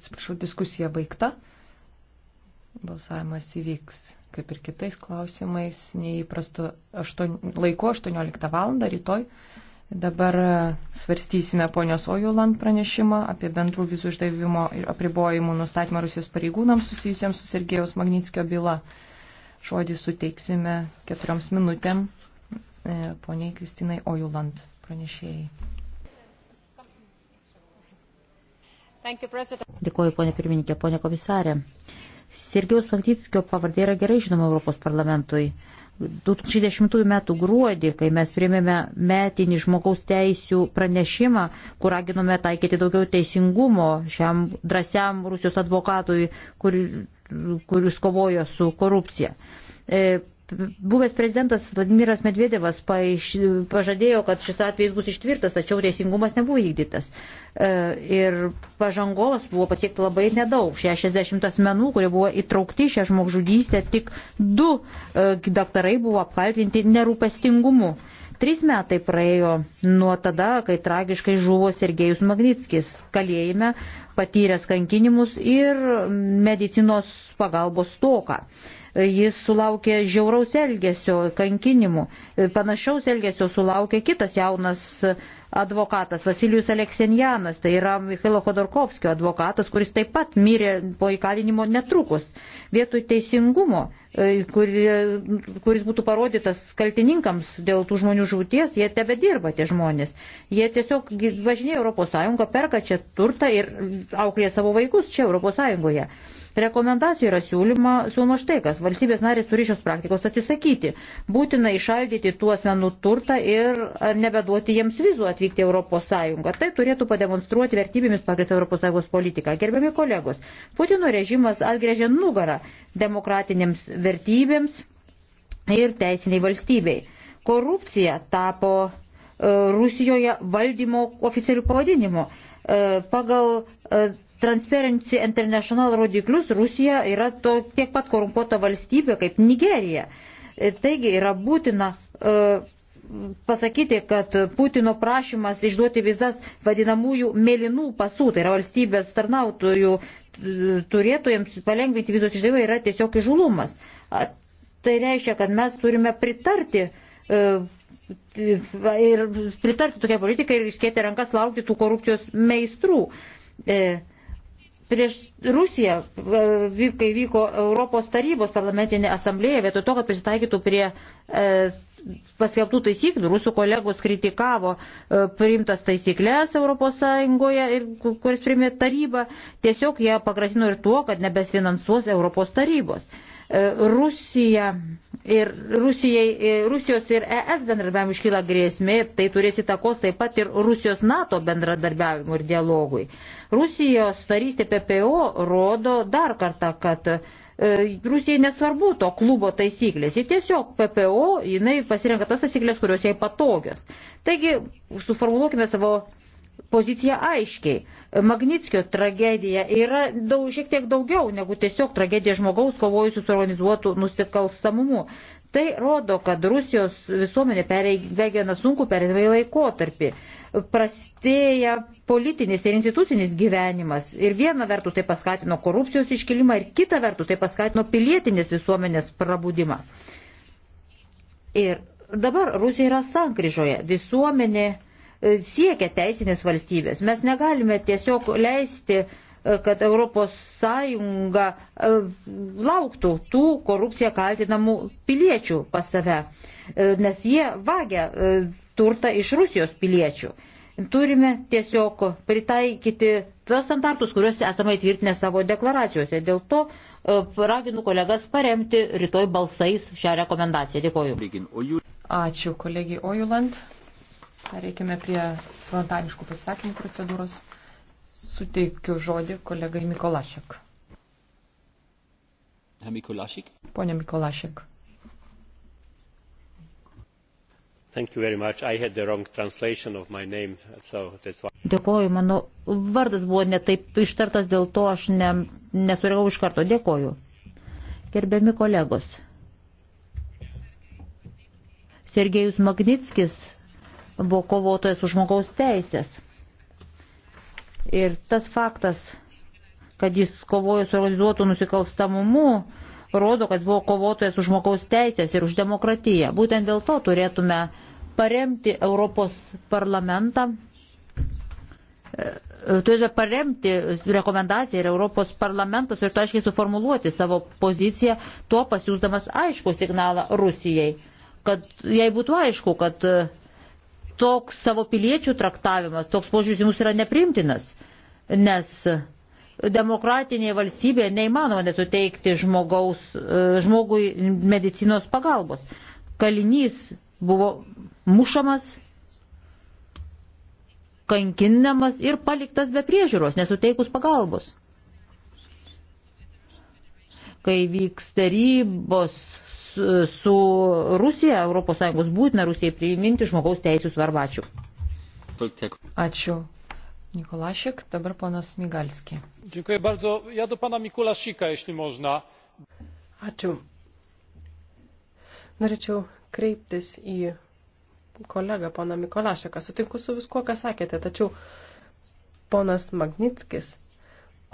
atsiprašau, diskusija baigta. Balsavimas įvyks kaip ir kitais klausimais, neįprastu aštuon, laiku 18 val. rytoj. Dabar svarstysime ponios Ojuland pranešimą apie bendrų vizų išdavimo ir apribojimų nustatymą Rusijos pareigūnams susijusiems su Sergejaus Magnitskio byla. Žodį suteiksime keturioms minutėm e, poniai Kristinai Ojuland pranešėjai. Dėkuoju, ponė pirmininkė, ponė komisarė. Sergejus Pankytskio pavardė yra gerai žinoma Europos parlamentui. 2010 m. gruodį, kai mes priėmėme metinį žmogaus teisių pranešimą, kur raginome taikyti daugiau teisingumo šiam drąsiam Rusijos advokatui, kur, kuris kovojo su korupcija. E, Buvęs prezidentas Vladimiras Medvedevas paaiš, pažadėjo, kad šis atvejis bus ištvirtas, tačiau teisingumas nebuvo įvykdytas. E, ir pažangos buvo pasiekta labai nedaug. 60 asmenų, kurie buvo įtraukti šią žmogžudystę, tik du e, daktarai buvo apkaltinti nerūpestingumu. Trys metai praėjo nuo tada, kai tragiškai žuvo Sergejus Magnitskis kalėjime, patyręs kankinimus ir medicinos pagalbos stoką jis sulaukė žiauraus elgesio, kankinimų. Panašaus elgesio sulaukė kitas jaunas advokatas Vasilijus Aleksenjanas, tai yra Mikhailo Khodorkovskio advokatas, kuris taip pat mirė po įkalinimo netrukus. Vietoj teisingumo E, kuris, kuris būtų parodytas kaltininkams dėl tų žmonių žūties, jie tebe dirba tie žmonės. Jie tiesiog važinėja Europos Sąjungą, perka čia turtą ir auklėja savo vaikus čia Europos Sąjungoje. Rekomendacijų yra siūlyma, siūloma štai kas. Valstybės narės turi šios praktikos atsisakyti. Būtina išaldyti tų asmenų turtą ir e, nebeduoti jiems vizų atvykti Europos Sąjungą. Tai turėtų pademonstruoti vertybėmis pagrįstą Europos Sąjungos politiką. Gerbiami kolegos, Putino režimas atgrėžė nugarą demokratinėms vertybėms ir teisiniai valstybei. Korupcija tapo e, Rusijoje valdymo oficialių pavadinimų. E, pagal e, Transparency International rodiklius Rusija yra to, tiek pat korumpuota valstybė kaip Nigerija. Taigi yra būtina pasakyti, kad Putino prašymas išduoti vizas vadinamųjų mėlynų pasų, tai yra valstybės tarnautojų turėtojams palengvinti vizos išdavimą yra tiesiog įžulumas. Tai reiškia, kad mes turime pritarti e, ir pritarti tokia politika ir išskėti rankas laukti tų korupcijos meistrų. E, prieš Rusiją, e, kai vyko Europos tarybos parlamentinė asamblėja, vietoj to, kad prisitaikytų prie paskelbtų taisyklių. Rusų kolegos kritikavo e, priimtas taisyklės ES ir kuris priimė tarybą. Tiesiog jie pagrasino ir tuo, kad nebesfinansuos Europos tarybos. E, Rusija ir Rusijai, e, Rusijos ir ES bendradarbiavimui iškyla grėsmė, tai turės įtakos taip pat ir Rusijos NATO bendradarbiavimui ir dialogui. Rusijos tarystė PPO rodo dar kartą, kad E, Rusijai nesvarbu to klubo taisyklės, ji tiesiog PPO, jinai pasirenka tas taisyklės, kurios jai patogios. Taigi, suformuluokime savo poziciją aiškiai. Magnitskio tragedija yra daug, šiek tiek daugiau negu tiesiog tragedija žmogaus kovojusių su organizuotu nusikalstamumu. Tai rodo, kad Rusijos visuomenė perėgėna sunku perėdavai laikotarpį. Prastėja politinis ir institucinis gyvenimas. Ir viena vertus tai paskatino korupcijos iškilimą, ir kita vertus tai paskatino pilietinės visuomenės prabudimą. Ir dabar Rusija yra sankryžoje. Visuomenė e, siekia teisinės valstybės. Mes negalime tiesiog leisti uh, kad Europos Sąjunga e, lauktų tų korupciją kaltinamų piliečių pas save, e, nes jie vagia e, turtą iš Rusijos piliečių. Turime tiesiog pritaikyti tas standartus, kuriuos esame įtvirtinę savo deklaracijose. Dėl to raginu kolegas paremti rytoj balsais šią rekomendaciją. Dėkoju. Ačiū kolegijai Ojuland. Pereikime prie spontaniškų pasisakymų procedūros suteikiu žodį kolegai Mikolašek. Mikolašek? Pone Mikolašek. Thank you very much. I had the wrong translation of my name, so that's why. Dėkoju, mano vardas buvo netaip ištartas, dėl to aš ne, nesurėjau iš karto. Dėkoju. Gerbiami kolegos. Sergejus Magnitskis buvo kovotojas už žmogaus teisės. Ir tas faktas, kad jis kovojo su organizuotu nusikalstamumu, rodo, kad buvo kovotojas už žmogaus teisės ir už demokratiją. Būtent dėl to turėtume paremti Europos parlamentą e, turime paremti rekomendaciją ir Europos parlamentas turėtų aiškiai suformuluoti savo poziciją, tuo pasiūsdamas aišku signalą Rusijai, kad jai būtų aišku, kad e, toks savo piliečių traktavimas, toks požiūris jums yra neprimtinas, nes demokratinėje valstybėje neįmanoma nesuteikti žmogaus, e, žmogui medicinos pagalbos. Kalinys buvo mušamas, kankinamas ir paliktas be priežiūros, nesuteikus pagalbos. Kai vyks tarybos su Rusija, ES būtina Rusijai priiminti žmogaus teisų svarbą. Ačiū. Ačiū. Nikolašek, dabar ponas Migalski. Dziękuję bardzo. Ja do pana Mikulaszika, jeśli można. Ačiū. Norėčiau kreiptis į kolegą, poną Mikolašeką. Sutinku su viskuo, ką sakėte, tačiau ponas Magnitskis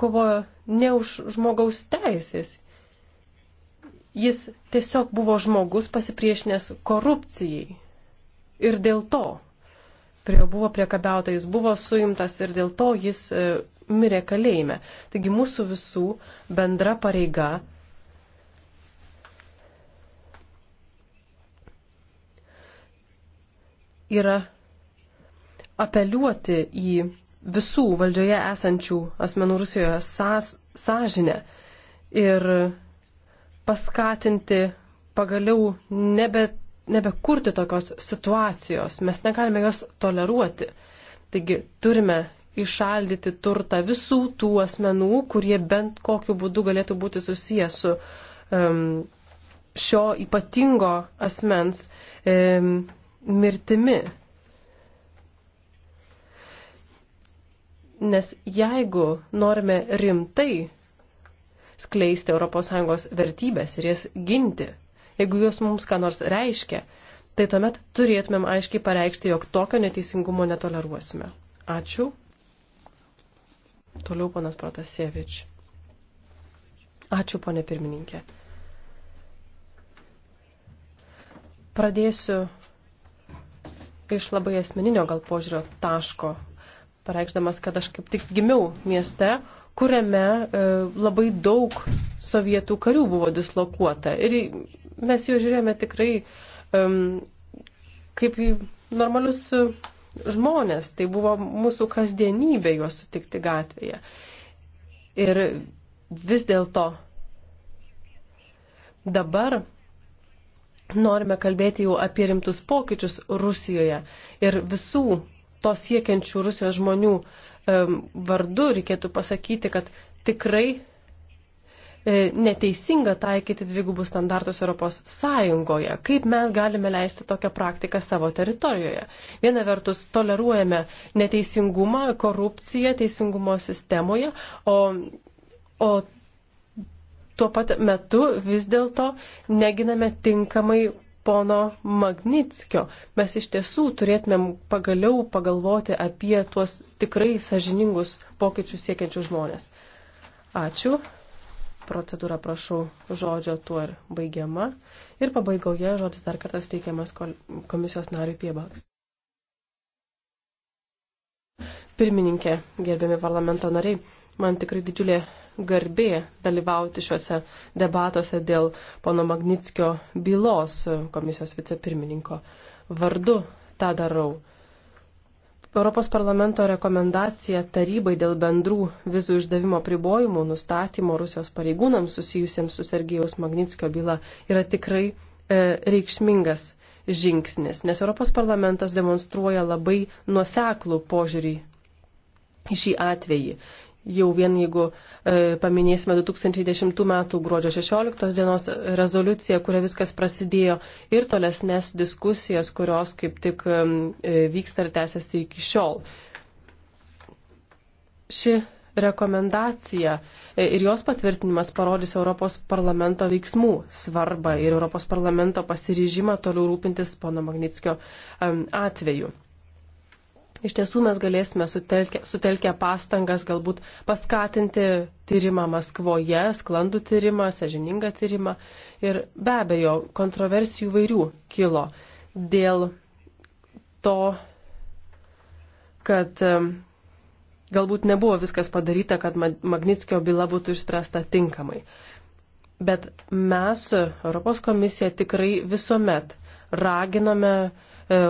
kovojo ne už žmogaus teisės, Jis tiesiog buvo žmogus pasipriešinęs korupcijai. Ir dėl to prie jo buvo priekabiauta, jis buvo suimtas ir dėl to jis e, mirė kalėjime. Taigi mūsų visų bendra pareiga yra apeliuoti į visų valdžioje esančių asmenų Rusijoje sąžinę ir paskatinti pagaliau nebe, nebekurti tokios situacijos. Mes negalime jos toleruoti. Taigi turime išaldyti turtą visų tų asmenų, kurie bent kokiu būdu galėtų būti susijęs su um, šio ypatingo asmens um, mirtimi. Nes jeigu norime rimtai skleisti ES vertybės ir jas ginti. Jeigu jos mums ką nors reiškia, tai tuomet turėtumėm aiškiai pareikšti, jog tokio neteisingumo netoleruosime. Ačiū. Toliau ponas Protasievič. Ačiū, ponė pirmininkė. Pradėsiu iš labai asmeninio gal požiūrio taško, pareikšdamas, kad aš kaip tik gimiau mieste, kuriame e, labai daug sovietų karių buvo dislokuota. Ir mes jau žiūrėjome tikrai kaip į normalius e, žmonės. Tai buvo mūsų kasdienybė juos sutikti gatvėje. Ir vis dėlto dabar norime kalbėti jau apie rimtus pokyčius Rusijoje ir visų to siekiančių Rusijos žmonių uh, vardu reikėtų pasakyti, kad tikrai e, neteisinga taikyti dvigubus standartus Europos Sąjungoje. Kaip mes galime leisti tokią praktiką savo teritorijoje? Viena vertus toleruojame neteisingumą, korupciją teisingumo sistemoje, o, o tuo pat metu vis dėlto neginame tinkamai pono Magnitskio. Mes iš tiesų turėtumėm pagaliau pagalvoti apie tuos tikrai sažiningus pokyčius siekiančius žmonės. Ačiū. Procedūra, prašau, žodžio tuo ir baigiama. Ir pabaigoje žodis dar kartą suteikiamas komisijos nariui Piebaks. Pirmininkė, gerbiami parlamento nariai, man tikrai didžiulė garbė dalyvauti šiuose debatuose dėl pono Magnitskio bylos komisijos vicepirmininko. Vardu tą darau. Europos parlamento rekomendacija tarybai dėl bendrų vizų išdavimo pribojimų nustatymo Rusijos pareigūnams susijusiems su Sergijaus Magnitskio byla yra tikrai e, reikšmingas žingsnis, nes Europos parlamentas demonstruoja labai nuoseklų požiūrį į šį atvejį jau vien jeigu e, paminėsime 2010 m. gruodžio 16 dienos rezoliuciją, kuria viskas prasidėjo ir tolesnės diskusijas, kurios kaip tik e, vyksta ir tęsiasi iki šiol. Ši rekomendacija e, ir jos patvirtinimas parodys Europos parlamento veiksmų svarbą ir Europos parlamento pasiryžimą toliau rūpintis pono Magnitskio atveju iš tiesų mes galėsime sutelkę, sutelkę pastangas galbūt paskatinti tyrimą Maskvoje, sklandų tyrimą, sažiningą tyrimą. Ir be abejo, kontroversijų vairių kilo dėl to, kad galbūt nebuvo viskas padaryta, kad Magnitskio byla būtų išspręsta tinkamai. Bet mes, Europos komisija, tikrai visuomet raginome e,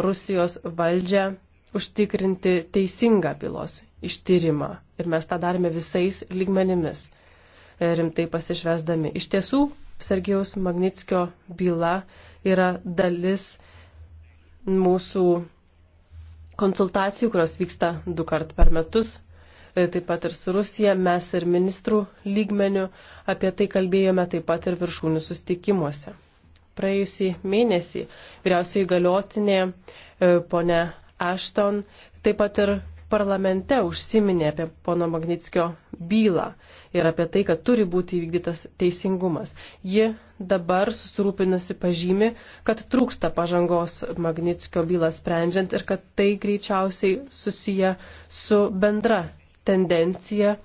Rusijos valdžią užtikrinti teisingą bylos ištyrimą. Ir mes tą darėme visais lygmenimis, e, rimtai pasišvesdami. Iš tiesų, Sergijaus Magnitskio byla yra dalis mūsų konsultacijų, kurios vyksta du kart per metus. E, taip pat ir su Rusija mes ir ministrų lygmenių apie tai kalbėjome taip pat ir viršūnių sustikimuose. Praėjusį mėnesį vyriausiai galiotinė e, ponė Ashton taip pat ir parlamente užsiminė apie pono Magnitskio bylą ir apie tai, kad turi būti įvykdytas teisingumas. Ji dabar susirūpinasi pažymi, kad trūksta pažangos Magnitskio bylą sprendžiant ir kad tai greičiausiai susiję su bendra tendencija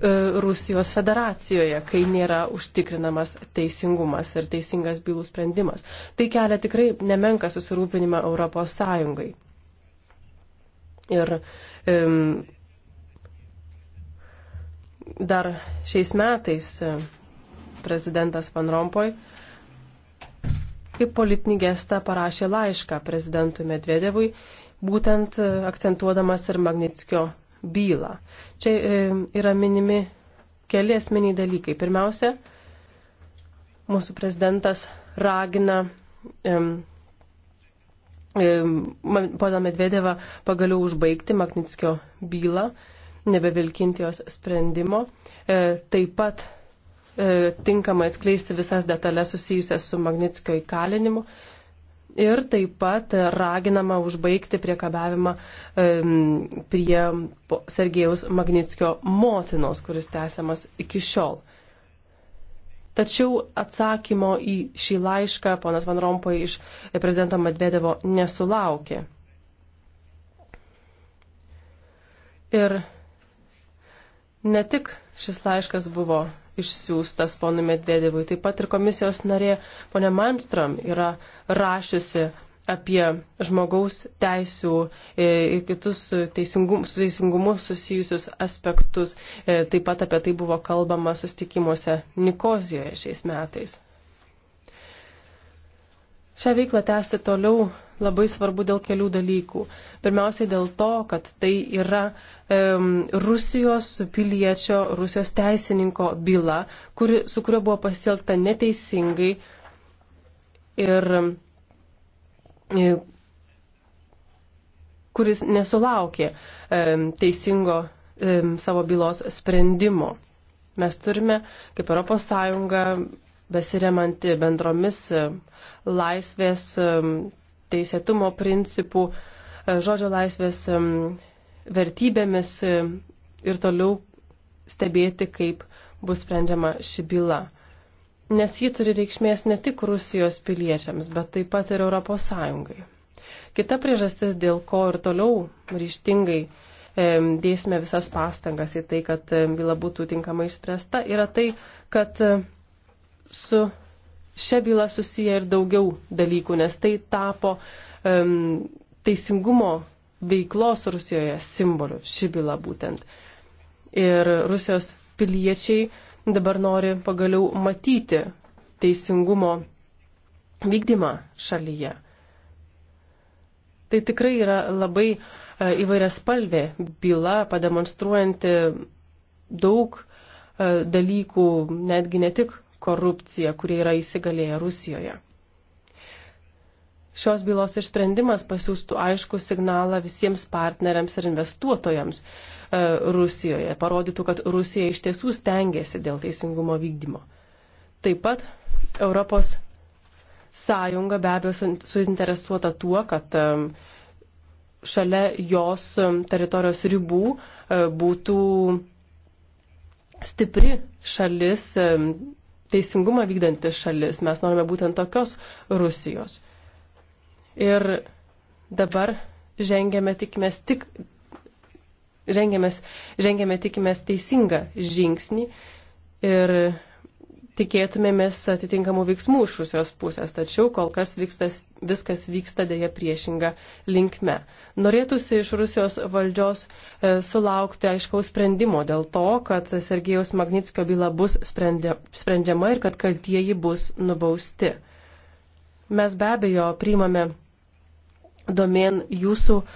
E, Rusijos federacijoje, kai nėra užtikrinamas teisingumas ir teisingas bylų sprendimas. Tai kelia tikrai nemenka susirūpinimą Europos Sąjungai. Ir um, dar šiais metais e, prezidentas Van Rompoj kaip politinį gestą parašė laišką prezidentui Medvedevui, būtent e, akcentuodamas ir Magnitskio bylą. Čia e, yra minimi keli esminiai dalykai. Pirmiausia, mūsų prezidentas ragina um, um, poną Medvedevą pagaliau užbaigti Magnitskio bylą, nebevilkinti jos sprendimo. E, taip pat e, tinkamai atskleisti visas detalės susijusias su Magnitskio įkalinimu. Ir taip pat raginama užbaigti priekabiavimą prie Sergejaus Magnitskio motinos, kuris tęsiamas iki šiol. Tačiau atsakymo į šį laišką ponas Van Rompoj iš prezidento Medvedevo nesulaukė. Ir Ne tik šis laiškas buvo išsiųstas ponui Medvedevui, taip pat ir komisijos narė ponė Malmström yra rašiusi apie žmogaus teisų e, ir kitus teisingum, su teisingumu susijusius aspektus. E, taip pat apie tai buvo kalbama sustikimuose Nikozijoje šiais metais. Šią veiklą tęsti toliau labai svarbu dėl kelių dalykų. Pirmiausiai dėl to, kad tai yra um, Rusijos piliečio, Rusijos teisininko byla, kuri, su kuria buvo pasielgta neteisingai ir e, kuris nesulaukė um, teisingo um, savo bylos sprendimo. Mes turime, kaip ES, besiremanti bendromis laisvės, teisėtumo principų, e, žodžio laisvės e, vertybėmis e, ir toliau stebėti, kaip bus sprendžiama ši byla. Nes ji turi reikšmės ne tik Rusijos piliečiams, bet taip pat ir Europos Sąjungai. Kita priežastis, dėl ko ir toliau ryštingai dėsime visas pastangas į tai, kad byla būtų tinkamai išspręsta, yra tai, kad su šią bylą susiję ir daugiau dalykų, nes tai tapo um, teisingumo veiklos Rusijoje simboliu, ši byla būtent. Ir Rusijos piliečiai dabar nori pagaliau matyti teisingumo vykdymą šalyje. Tai tikrai yra labai e, įvairias spalvė byla, pademonstruojanti daug e, dalykų, netgi ne tik korupciją, kurie yra įsigalėję Rusijoje. Šios bylos išsprendimas pasiūstų aišku signalą visiems partneriams ir investuotojams e, Rusijoje, parodytų, kad Rusija iš tiesų stengiasi dėl teisingumo vykdymo. Taip pat Europos sąjunga be abejo suinteresuota tuo, kad e, šalia jos teritorijos ribų e, būtų stipri šalis. E, teisingumą vykdanti šalis. Mes norime būtent tokios Rusijos. Ir dabar žengėme, tikimės, tik, žengėmės, žengėme, tikimės teisingą žingsnį ir tikėtumėmės atitinkamų veiksmų iš Rusijos pusės, tačiau kol kas vykstas, viskas vyksta dėja priešinga linkme. Norėtųsi iš Rusijos valdžios e, sulaukti aiškaus sprendimo dėl to, kad Sergejaus Magnitskio byla bus sprendė, sprendžiama ir kad kaltieji bus nubausti. Mes be abejo priimame domen jūsų e,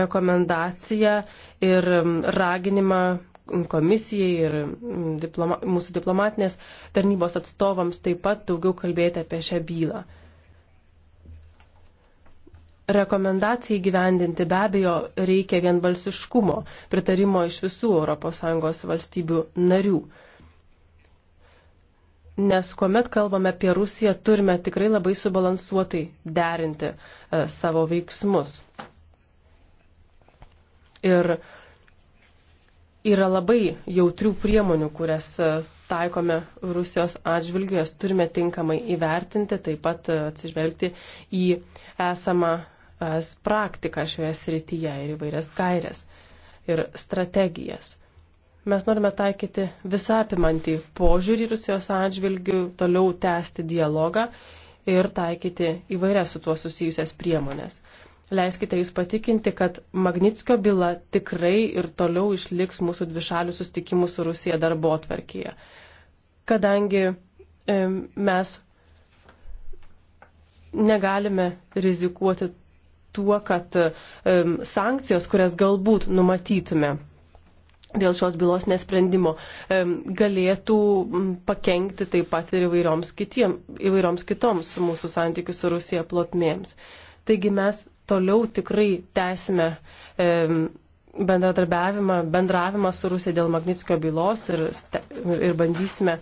rekomendaciją ir raginimą komisijai ir diploma, mūsų diplomatinės tarnybos atstovams taip pat daugiau kalbėti apie šią bylą. Rekomendacijai gyvendinti be abejo reikia vienbalsiškumo, pritarimo iš visų ES valstybių narių. Nes kuomet kalbame apie Rusiją, turime tikrai labai subalansuotai derinti e, savo veiksmus. Ir e, yra labai jautrių priemonių, kurias e, taikome Rusijos atžvilgiu, jas turime tinkamai įvertinti, taip pat e, atsižvelgti į esamą e, praktiką šioje srityje ir įvairias gairias ir strategijas. Mes norime taikyti visapimantį požiūrį Rusijos atžvilgių, toliau tęsti dialogą ir taikyti įvairias su tuo susijusias priemonės leiskite jūs patikinti, kad Magnitskio byla tikrai ir toliau išliks mūsų dvišalių sustikimų su Rusija darbo atvarkyje. Kadangi e, mes negalime rizikuoti tuo, kad e, sankcijos, kurias galbūt numatytume dėl šios bylos nesprendimo, e, galėtų pakengti taip pat ir įvairioms, kitiem, įvairioms kitoms mūsų santykių su Rusija plotmėms. Taigi mes toliau tikrai tęsime e, bendradarbiavimą, bendravimą su Rusija dėl Magnitskio bylos ir, ir bandysime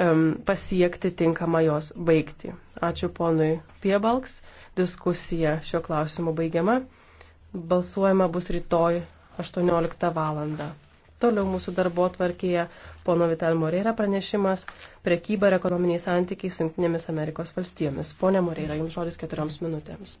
um, pasiekti tinkamą jos baigti. Ačiū ponui Piebalks. Diskusija šio klausimu baigiama. Balsuojama bus rytoj 18 val. Toliau mūsų darbo tvarkėje pono Vital Moreira pranešimas prekyba ir ekonominiai santykiai su Junktinėmis Amerikos valstijomis. Pone Moreira, jums žodis keturioms minutėms.